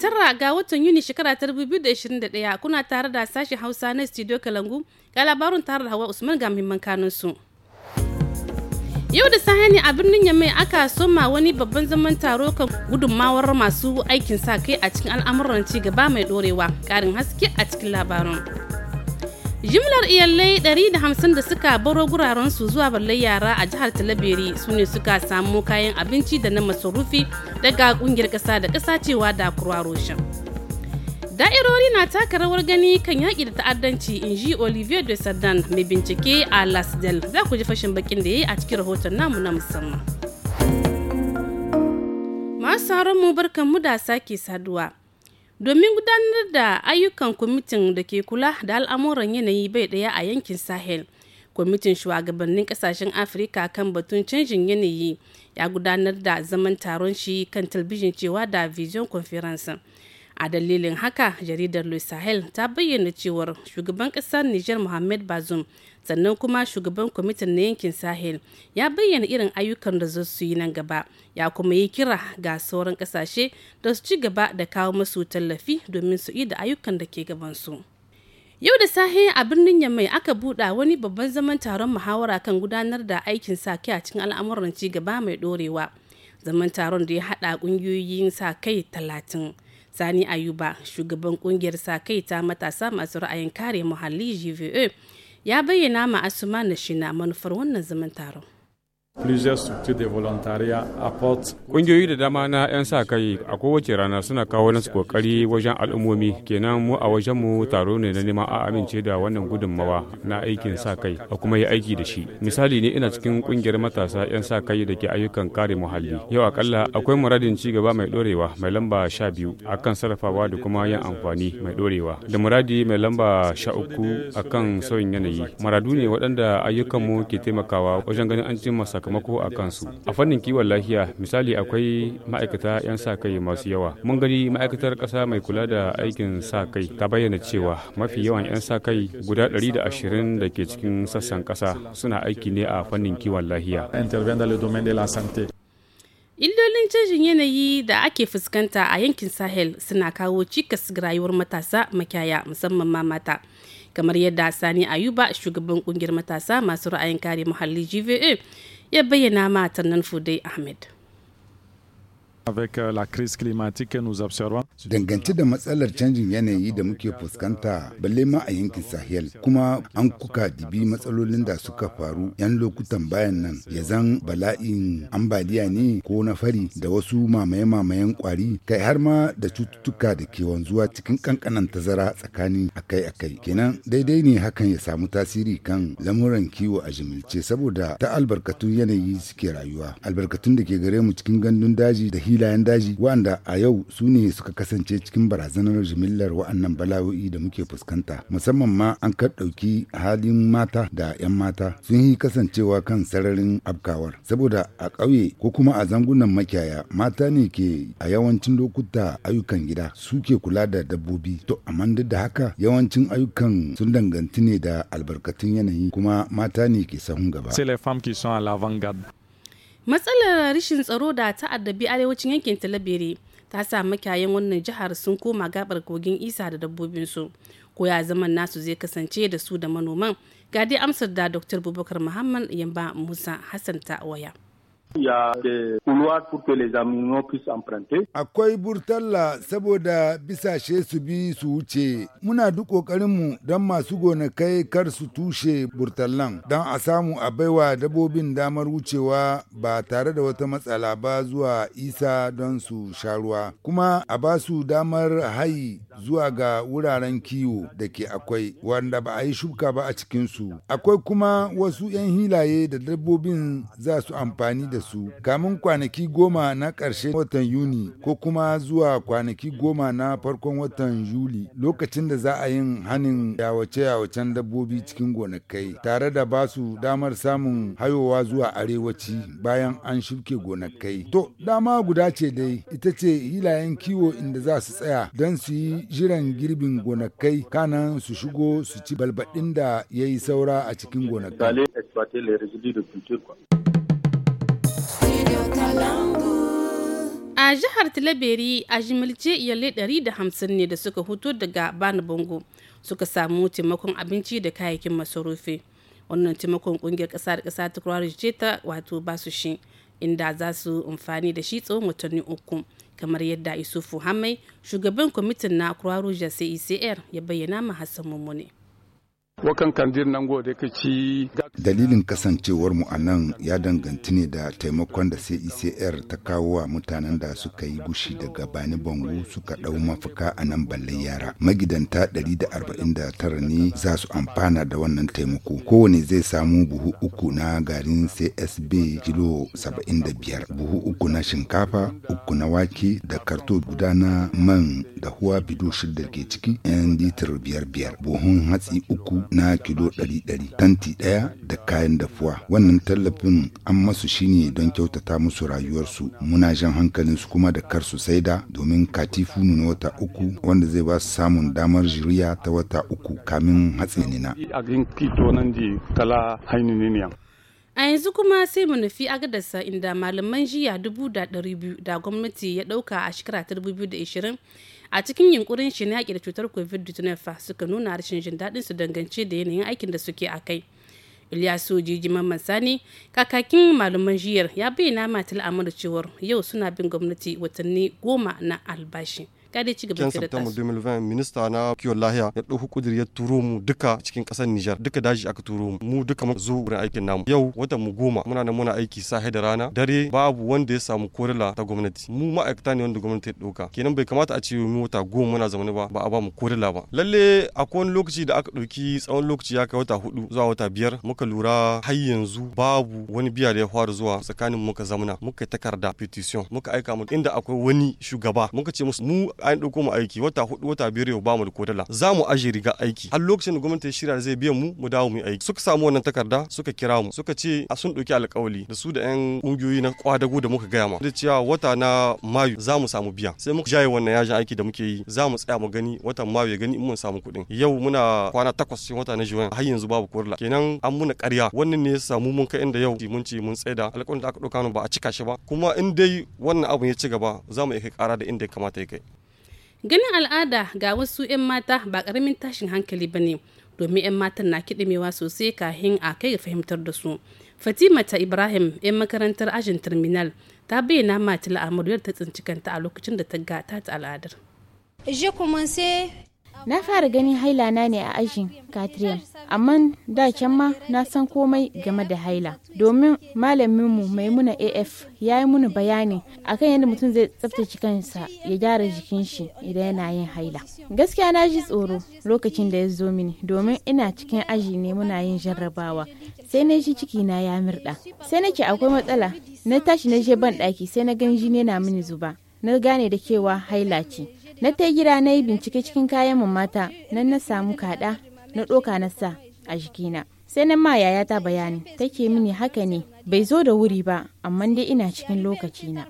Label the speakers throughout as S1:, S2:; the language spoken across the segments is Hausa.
S1: tara ga watan Yuni shekara ta 2021 kuna tare da sashen Hausa na Studio Kalangu ga labarin tare da Hawa Usman ga muhimman kanun su. Yau da sahani a birnin Yamai aka soma wani babban zaman taro kan gudunmawar masu aikin sa kai a cikin al'amuran ci gaba mai dorewa. Karin haske a cikin labarin. jimlar iyalai 150 da suka baro guraren su zuwa balle yara a jihar talabiri su ne suka samu kayan abinci da na masarufi daga kungiyar kasa da kasa cewa da kurwaroshin da'irori na taka rawar gani kan yaƙi da ta'addanci in ji olivier de sardan mai bincike a las del za ku ji fashin bakin da ya yi a cikin rahoton namu na musamman masu mu barkan mu da sake saduwa domin gudanar da ayyukan kwamitin da ke kula da al'amuran yanayi bai daya a yankin sahel kwamitin shugabannin kasashen afirka kan batun canjin yanayi ya gudanar da zaman taron shi kan talbijin cewa da vision conference a dalilin haka jaridar louis sahel ta bayyana cewar shugaban kasar niger mohammed bazoum sannan kuma shugaban kwamitin na yankin sahel ya bayyana irin ayyukan da za su yi nan gaba ya kuma yi kira ga sauran kasashe da su ci gaba da kawo masu tallafi domin su yi da ayyukan da ke gabansu yau da sahe a birnin yamai aka buɗa wani babban zaman taron muhawara kan gudanar da aikin sa kai a cikin al'amuran ci gaba mai ɗorewa zaman taron da ya haɗa ƙungiyoyin sa kai talatin sani ayuba shugaban kungiyar sa kai ta matasa masu ra'ayin kare muhalli gva ya bayyana ma asuma na shina manufar wannan zaman taron
S2: Ƙungiyoyi da dama na 'yan sa kai a kowace rana suna kawo nasu kokari wajen al'ummomi kenan mu a wajenmu taro ne na neman a amince da wannan gudunmawa na aikin sa kai a kuma yi aiki da shi. Misali ne ina cikin ƙungiyar matasa 'yan sa kai da ke ayyukan kare muhalli. Yau akalla akwai muradin ci gaba mai ɗorewa mai lamba sha biyu akan sarrafawa da kuma yin amfani mai ɗorewa da muradi mai lamba sha uku akan sauyin yanayi. Maradu ne waɗanda ayyukanmu ke taimakawa wajen ganin an cimma sakamako a kansu a fannin kiwon lafiya misali akwai ma'aikata 'yan sa kai masu yawa mun gani ma'aikatar ƙasa mai kula da aikin sa kai ta bayyana cewa mafi yawan 'yan sa kai guda 120 da ke cikin sassan kasa suna aiki ne a fannin kiwon lafiya
S1: illolin canjin yanayi da ake fuskanta a yankin sahel suna kawo cikas ga rayuwar matasa makyaya musamman ma mata kamar yadda sani ayuba shugaban kungiyar matasa masu ra'ayin kare muhalli gva ya bayyana ma tannan fudai ahmed
S3: Euh,
S4: Dangance da matsalar canjin yanayi da muke fuskanta balle ma a yankin Sahel kuma an kuka dibi matsalolin da suka faru 'yan lokutan bayan nan ya zan bala'in ambaliya ne ko na fari da wasu mamaye-mamayen kwari kai har ma da cututtuka da ke wanzuwa cikin kankanan tazara tsakanin akai-akai kenan daidai ne hakan ya samu tasiri kan lamuran kiwo a jimilce saboda ta albarkatun yanayi suke rayuwa albarkatun da ke gare mu cikin gandun daji da hili filayen daji wanda a yau su ne suka kasance cikin barazanar jimillar wa'annan bala'o'i da muke fuskanta musamman ma an ka ɗauki halin mata da 'yan mata sun yi kasancewa kan sararin afkawar saboda a ƙauye ko kuma a zangunan makiyaya mata ne ke a yawancin lokuta ayyukan gida suke kula da dabbobi to amma duk da haka yawancin ayyukan sun danganci ne da albarkatun yanayi kuma mata ne ke sahun gaba.
S1: matsalar rashin tsaro da ta addabi arewacin yankin talabere ta sa makayan wannan jihar sun koma gabar kogin isa da dabbobinsu ko ya zaman nasu zai kasance da su da manoman ga amsar da dr bubakar muhammad yamba musa hassan ta waya
S4: Akwai burtalla saboda bisashe su bi su wuce. Muna duk ƙoƙarinmu don masu gonakai kar su tushe burtallan don a samu a baiwa dabobin damar wucewa ba tare da wata matsala ba zuwa isa don su sha ruwa. Kuma a ba su damar hayi zuwa ga wuraren kiwo da ke akwai wanda ba a yi shuka ba a cikinsu. Akwai kuma wasu 'yan hilaye da dabbobin za su amfani da su Kamun kwanaki goma na ƙarshen watan Yuni ko kuma zuwa kwanaki goma na farkon watan Yuli lokacin da za a yin hanin yawace-yawacen dabbobi cikin gonakai tare da ba su damar samun hayowa zuwa arewaci bayan an shuke gonakai. To, dama guda ce dai ita ce hilayen kiwo inda za su tsaya don su yi jiran girbin gonakai kanan su shigo su ci balbaɗin da ya yi saura a cikin
S3: gonakai.
S1: A jihar Tilaberi a jimilce iyalai 150 ne da suka hutu daga Bani Bongo suka samu taimakon abinci da kayayyakin masarufi. Wannan taimakon ƙungiyar ƙasa da ƙasa ta Kurarar ta wato basu shi. inda za su amfani da shi tsawon watanni uku kamar yadda isufu hamai shugaban kwamitin na croix rouge cecr ya bayyana ma hassan mummune
S2: wakan nan gode
S4: dalilin kasancewar mu a nan ya danganci ne da taimakon da CICR e ta kawo wa mutanen da suka yi gushi daga bani bango suka dau mafaka a nan balle yara magidanta 149 ne za su amfana da wannan taimako kowane zai samu buhu uku na garin CSB kilo 75 buhu uku na shinkafa uku na wake da karto guda na man da huwa bido shidda ke ciki yan litir biyar biyar buhun hatsi uku na kilo 100 tanti ɗaya da kayan dafuwa wannan tallafin an masu shine don kyautata musu rayuwarsu muna jan su kuma da kar su saida domin katifu na wata uku wanda zai ba su samun damar jiriya ta wata uku kamin hatsinina
S1: a yanzu kuma sai mu nufi agadarsa inda malaman jiya dubu da dari biyu da gwamnati ya ɗauka a shekara ta ashirin. a cikin yunkurin shi na yaƙi da cutar covid-19 fa suka nuna rashin jin daɗin su dangance da yanayin aikin da suke a kai ilyasu jijiman mansani kakakin malaman jiyar ya bayyana matal amur cewar yau suna bin gwamnati watanni goma na albashi kada ci gaba da september
S3: 2020 minista na kiwon lahiya ya ɗauki kudir ya turo mu duka cikin ƙasar nijar duka daji aka turo mu mu duka mu zo wurin aikin namu yau watan mu goma muna nan muna aiki sahe da rana dare babu wanda ya samu korila ta gwamnati mu ma'aikata ne wanda gwamnati ta ɗauka kenan bai kamata a ce mu wata goma muna zaune ba ba a ba mu korila ba lalle akwai wani lokaci da aka ɗauki tsawon lokaci ya kai wata hudu zuwa wata biyar muka lura har yanzu babu wani biya da ya fara zuwa tsakanin muka zamana muka yi takarda petition muka aika mu inda akwai wani shugaba muka ce musu mu an ɗauko mu aiki wata hudu wata biyar yau ba mu da kodala za mu aje riga aiki har lokacin da gwamnati ya shirya zai biyan mu mu dawo mu yi aiki suka samu wannan takarda suka kira mu suka ce a sun ɗauki alƙawali da su da yan ƙungiyoyi na kwadago da muka gaya ma da cewa wata na mayu za mu samu biya sai muka jaye wannan yajin aiki da muke yi za mu tsaya mu gani watan mayu ya gani in mun samu kuɗin yau muna kwana takwas cikin wata na juwan har yanzu babu kurla kenan an muna ƙarya wannan ne ya samu mun kai inda yau mun ce mun tsaida alƙawarin da aka ɗauka ba a cika shi ba kuma in dai wannan abu ya ci gaba za mu iya kai ƙara da inda ya kamata ya kai
S1: ganin al'ada ga wasu 'yan mata ba karamin tashin hankali ba ne domin 'yan matan na kiɗimewa sosai kahin a kai fahimtar da su fatima ta ibrahim 'yan makarantar ajin terminal ta bayyana matila yadda ta tsinci kanta a lokacin da ta gata ta al'adar na fara ganin haila na ne a ajin katrin amma da can ma na san komai game da haila domin malaminmu maimuna af ya yi muni bayani akan yadda mutum zai tsaftace kansa ya gyara jikin shi idan yana yin haila gaskiya na ji tsoro lokacin da ya zo mini domin ina cikin aji ne muna yin jarrabawa sai na ji ciki na ya mirɗa sai nake akwai matsala na tashi na je ban ɗaki sai na gan jini yana mini zuba na gane da kewa haila ce na ta gida na yi bincike cikin kayan mun mata nan na samu kaɗa na ɗoka na sa a jikina sai nan ma yayata bayani take mini haka ne bai zo da wuri ba amma dai ina cikin lokaci na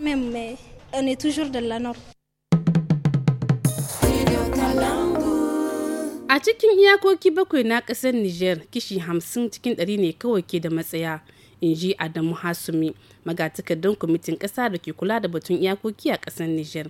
S1: a cikin iyakoki bakwai na ƙasar niger kishi hamsin cikin ɗari ne kawai ke da matsaya in ji adamu hasumi magatakardun kwamitin kasa da ke kula da batun iyakoki a ƙasar niger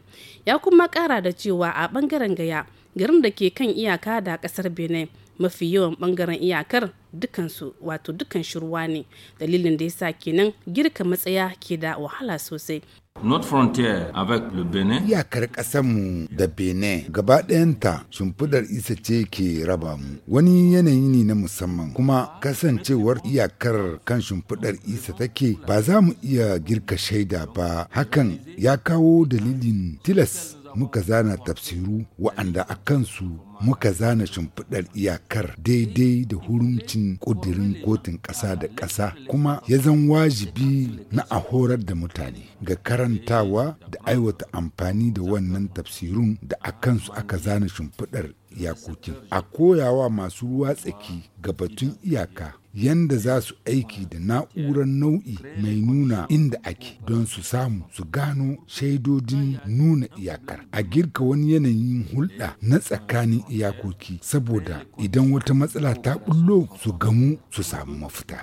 S1: ya kuma ƙara da cewa a ɓangaren gaya garin da ke kan iyaka da ƙasar benin mafi yawan ɓangaren iyakar dukansu wato dukan shirwa ne dalilin da ya sa kenan girka matsaya ke da wahala sosai
S2: north frontier avec le Benin.
S4: Iyakar mu da Benin gaba ɗayanta shimfidar isa ce ke raba mu. Wani yanayi ne na musamman kuma kasancewar iyakar kan shimfidar isa take ba za mu iya girka shaida ba hakan ya kawo dalilin tilas muka zana tafsiru wa'anda a kansu muka zana shimfiɗar iyakar daidai da hurumcin ƙudirin kotun ƙasa da ƙasa kuma ya zan wajibi na a horar da mutane ga karantawa da aiwata amfani da wannan tafsirun da a kansu aka zana shimfiɗar iyakokin a koyawa masu ruwa tsaki ga batun iyaka yanda za su aiki da na'urar nau'i mai nuna inda ake don su samu su gano shaidodin nuna iyakar a girka wani yanayin hulɗa na tsakanin iyakoki saboda idan wata matsala ta bullo su gamu su samu
S2: mafita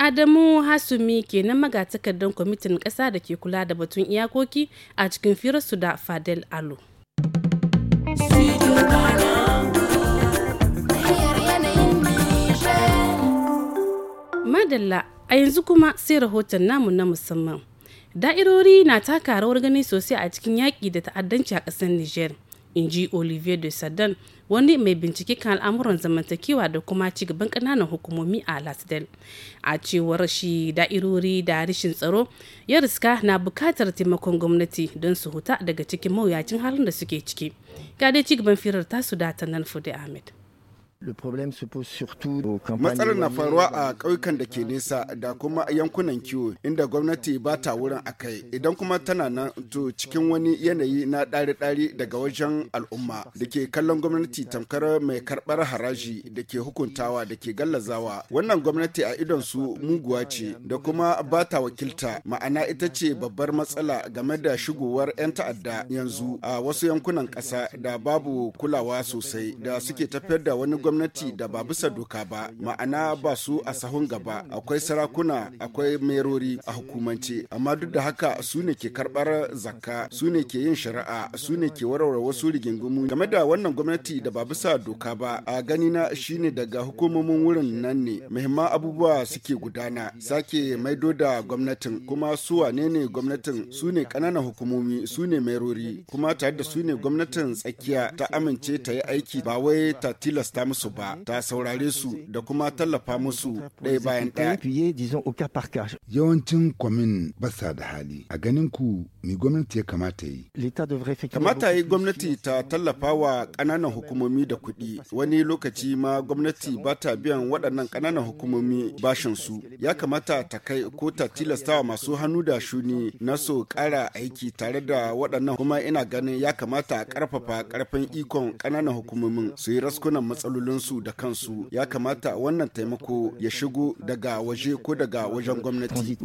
S1: Adamu Hasumi ke kenan magatakardar kwamitin ƙasa da ke kula da batun iyakoki a cikin firarsu da Fadel Alo. madalla a yanzu kuma sai rahoton namu na musamman. Da'irori na taka rawar gani sosai a cikin yaƙi da ta'addanci a ƙasar Niger, in ji Olivier de sardin wani mai bincike kan al'amuran zamantakewa da kuma ci gaban ƙananan hukumomi a Lasdel. A cewar shi da'irori da rashin tsaro ya riska na buƙatar taimakon gwamnati don su huta daga cikin mawuyacin halin da suke ciki. Ga dai ci gaban firar tasu da Tanan Fude Ahmed.
S2: Matsalar na faruwa a ƙauyukan da ke nesa da kuma yankunan kiwo inda gwamnati ba ta wurin a kai idan kuma tana nan to cikin wani yanayi na ɗari-ɗari daga wajen al'umma da ke kallon gwamnati tamkar mai karɓar haraji da ke hukuntawa da ke gallazawa. Wannan gwamnati a idon su muguwa ce da kuma ba ta wakilta ma'ana ita ce babbar matsala game da shigowar 'yan ta'adda yanzu a wasu yankunan ƙasa da babu kulawa sosai da suke tafiyar da wani gwamnati gwamnati da ba bisa doka ba ma'ana ba su a sahun gaba akwai sarakuna akwai merori a hukumance amma duk da haka su ne ke karbar zakka su ne ke yin shari'a su ne ke warware wasu rigingimu game da wannan gwamnati da ba bisa doka ba a gani na shine daga hukumomin wurin nan ne muhimman abubuwa suke gudana sake maido da gwamnatin kuma su wane ne gwamnatin su ne kananan hukumomi su ne merori kuma tare da su ne gwamnatin tsakiya ta amince ta yi aiki ba wai ta tilasta musu su ba ta saurare su da kuma tallafa musu ɗaya bayan
S4: ɗaya. Yawancin kwamin ba sa da hali a ganin ku ni gwamnati ya kamata yi. Kamata
S2: yi gwamnati ta tallafa wa ƙananan hukumomi da kuɗi wani lokaci ma gwamnati ba ta biyan waɗannan ƙananan hukumomi bashin su ya kamata ta kai ko ta tilastawa masu hannu da shuni na so ƙara aiki tare da waɗannan kuma ina ganin ya kamata a ƙarfafa ƙarfin ikon ƙananan hukumomin su yi raskunan matsalolin al'amarinsu da kansu ya kamata wannan taimako ya shigo daga waje ko daga wajen gwamnati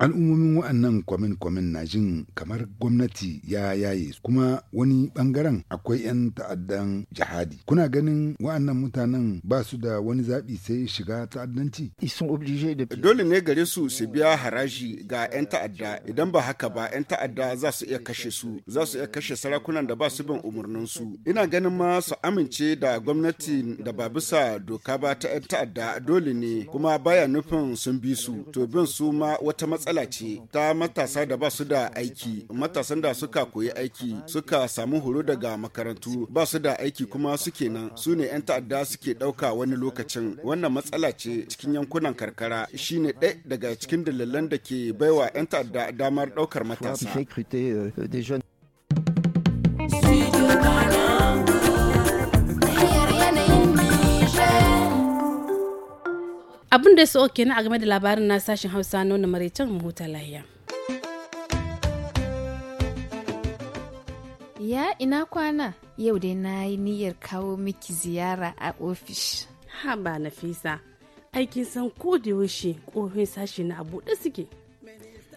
S4: al'ummomin wa'annan kwamin kwamin na jin kamar gwamnati ya yaye kuma wani bangaren akwai 'yan ta'addan jihadi kuna ganin wa'annan mutanen ba su da wani zaɓi sai shiga ta'addanci
S2: dole ne gare su su biya haraji ga 'yan ta'adda idan ba haka ba 'yan ta'adda za su iya kashe su za su iya kashe sarakunan da ba su bin su. ina ganin ma su amince da gwamnati dokokin da ba bisa doka ba ta 'yan ta'adda dole ne kuma baya nufin sun bi su to bin su ma wata matsala ce ta matasa da ba su da aiki matasan da suka koyi aiki suka samu horo daga makarantu ba su da aiki kuma suke nan su ne 'yan ta'adda suke ɗauka wani lokacin wannan matsala ce cikin yankunan karkara shine ɗaya daga cikin dalilan da ke baiwa 'yan ta'adda damar ɗaukar matasa.
S1: abin da oke na a game da labarin na sashen hausa nuna maraicen mu huta lahiya ya ina kwana yau dai na yi niyyar kawo miki ziyara a ofish ha ba nafisa aikin san ko da yaushe kofin sashi na abu da suke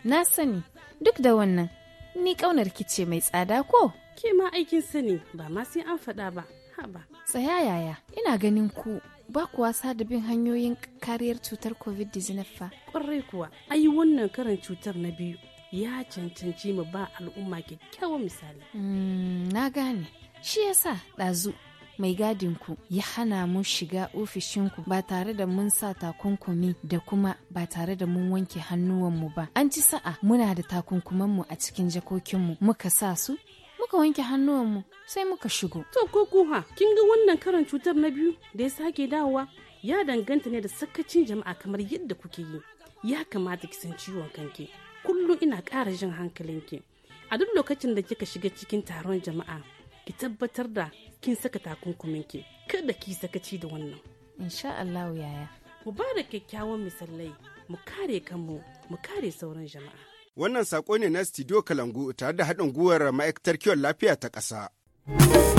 S1: na sani duk da wannan ni kaunar ce mai tsada ko ke ma aikin sani ba ma sai an faɗa ba ba tsaya yaya ina ganin ku ba ku wasa da bin hanyoyin kariyar cutar covid-19 fa ƙwarai kuwa ayi wannan karin cutar na biyu ya cancanci mu ba al'umma kyakkyawan misali hmm, na gane shi yasa ɗazu mai gadin ku ya hana mu shiga ofishinku ba tare da mun sa takunkumi da kuma ba tare da mun wanke hannuwanmu ba an ci sa'a muna da takunkumanmu a cikin jakokinmu muka sa su muka wanke mu sai muka shigo. To ko kuha kin ga wannan karan cutar na biyu da ya sake dawowa ya danganta ne da sakacin jama'a kamar yadda kuke yi. Ya kamata ki san ciwon kanki. Kullum ina ƙara jin hankalinki. A duk lokacin da kika shiga cikin taron jama'a ki tabbatar da kin saka takunkuminki. Kada ki sakaci da wannan. Insha Allah yaya. Mu ba da kyakkyawan misalai mu kare kanmu mu kare sauran jama'a.
S2: Wannan saƙo ne na Studio Kalangu tare da haɗin gwiwar ma'aikatar kiwon lafiya ta ƙasa.